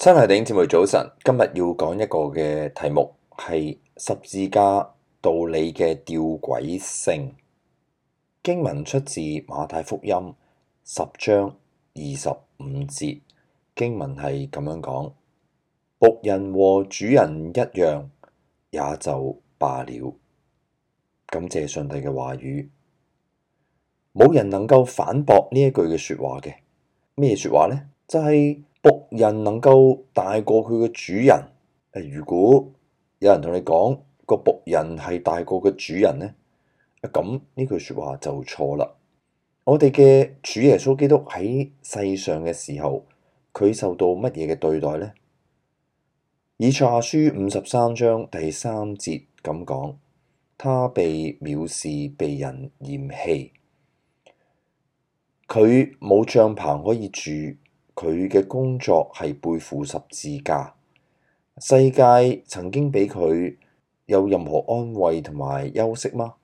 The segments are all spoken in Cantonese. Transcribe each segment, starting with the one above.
親愛嘅弟兄姊妹早晨，今日要講一個嘅題目係十字架道理嘅吊詭性。經文出自馬太福音十章二十五節。經文係咁樣講：僕人和主人一樣，也就罷了。感謝上帝嘅話語，冇人能夠反駁呢一句嘅說話嘅。咩說話呢？就係、是。僕人能夠大過佢嘅主人。如果有人同你講個僕人係大過佢嘅主人呢，咁、啊、呢句說話就錯啦。我哋嘅主耶穌基督喺世上嘅時候，佢受到乜嘢嘅對待呢？以賽亞書五十三章第三節咁講，他被藐視，被人嫌棄，佢冇帳棚可以住。佢嘅工作係背負十字架。世界曾經俾佢有任何安慰同埋休息嗎？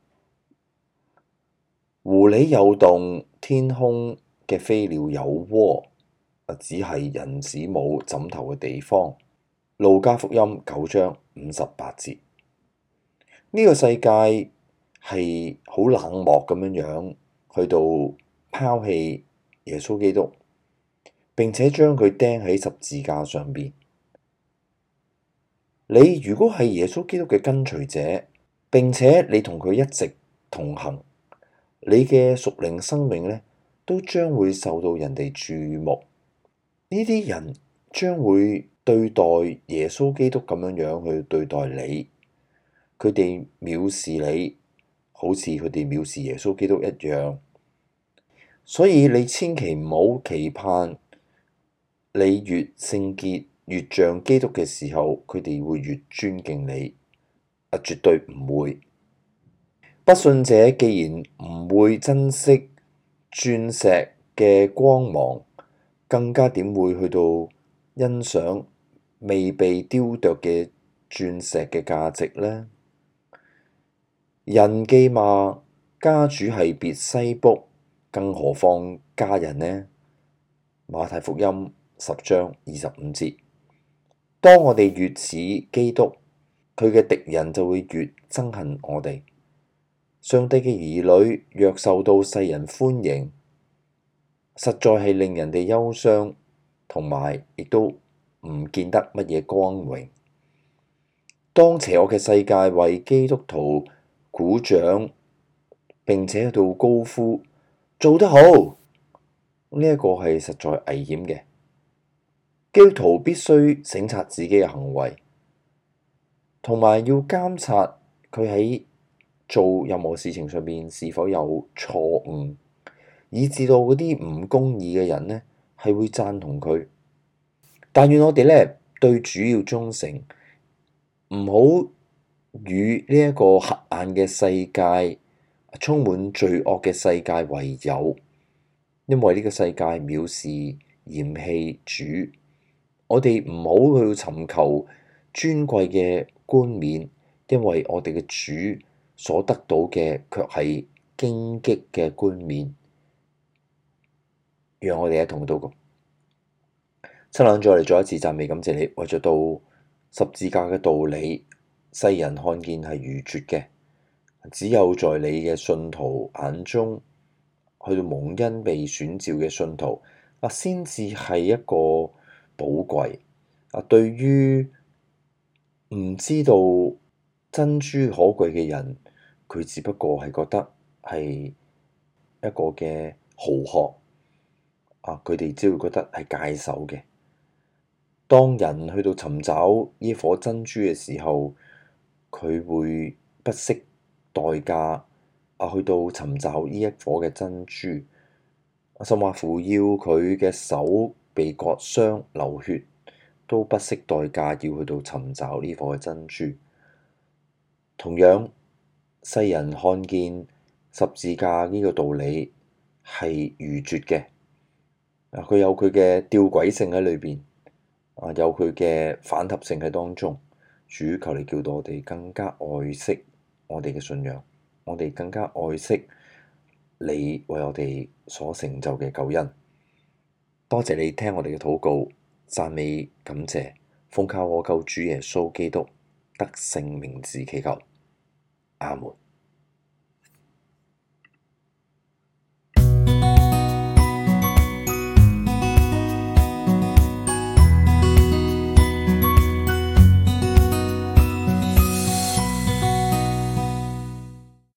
狐狸有洞，天空嘅飛鳥有窩，只係人子冇枕頭嘅地方。路加福音九章五十八節，呢個世界係好冷漠咁樣樣，去到拋棄耶穌基督。並且將佢釘喺十字架上邊。你如果係耶穌基督嘅跟隨者，並且你同佢一直同行，你嘅屬靈生命咧都將會受到人哋注目。呢啲人將會對待耶穌基督咁樣樣去對待你，佢哋藐視你，好似佢哋藐視耶穌基督一樣。所以你千祈唔好期盼。你越聖潔，越像基督嘅時候，佢哋會越尊敬你啊！絕對唔會。不信者既然唔會珍惜鑽石嘅光芒，更加點會去到欣賞未被雕琢嘅鑽石嘅價值呢？人既罵家主係別西卜，更何況家人呢？馬太福音。十章二十五節，當我哋越似基督，佢嘅敵人就會越憎恨我哋。上帝嘅兒女若受到世人歡迎，實在係令人哋憂傷，同埋亦都唔見得乜嘢光榮。當邪惡嘅世界為基督徒鼓掌，並且喺度高呼做得好，呢一個係實在危險嘅。基督徒必須省察自己嘅行為，同埋要監察佢喺做任何事情上面是否有錯誤，以至到嗰啲唔公義嘅人呢係會贊同佢。但願我哋呢對主要忠誠，唔好與呢一個黑暗嘅世界充滿罪惡嘅世界為友，因為呢個世界藐視嫌棄主。我哋唔好去尋求尊貴嘅冠冕，因為我哋嘅主所得到嘅卻係荊棘嘅冠冕。讓我哋一同道共，親眼再嚟做一次讚美，感謝你為著到十字架嘅道理，世人看見係愚拙嘅，只有在你嘅信徒眼中，去到蒙恩被選召嘅信徒先至係一個。寶貴啊！對於唔知道珍珠可貴嘅人，佢只不過係覺得係一個嘅蠔殼啊！佢哋只會覺得係介手嘅。當人去到尋找呢一顆珍珠嘅時候，佢會不惜代價啊！去到尋找呢一顆嘅珍珠，甚至乎要佢嘅手。被割傷流血，都不惜代價要去到尋找呢顆嘅珍珠。同樣，世人看見十字架呢個道理係愚拙嘅，佢有佢嘅吊詭性喺裏邊，啊，有佢嘅反合性喺當中。主，求你叫到我哋更加愛惜我哋嘅信仰，我哋更加愛惜你為我哋所成就嘅救恩。多謝你聽我哋嘅禱告，讚美感謝，奉靠我救主耶穌基督得勝名字祈求，阿門。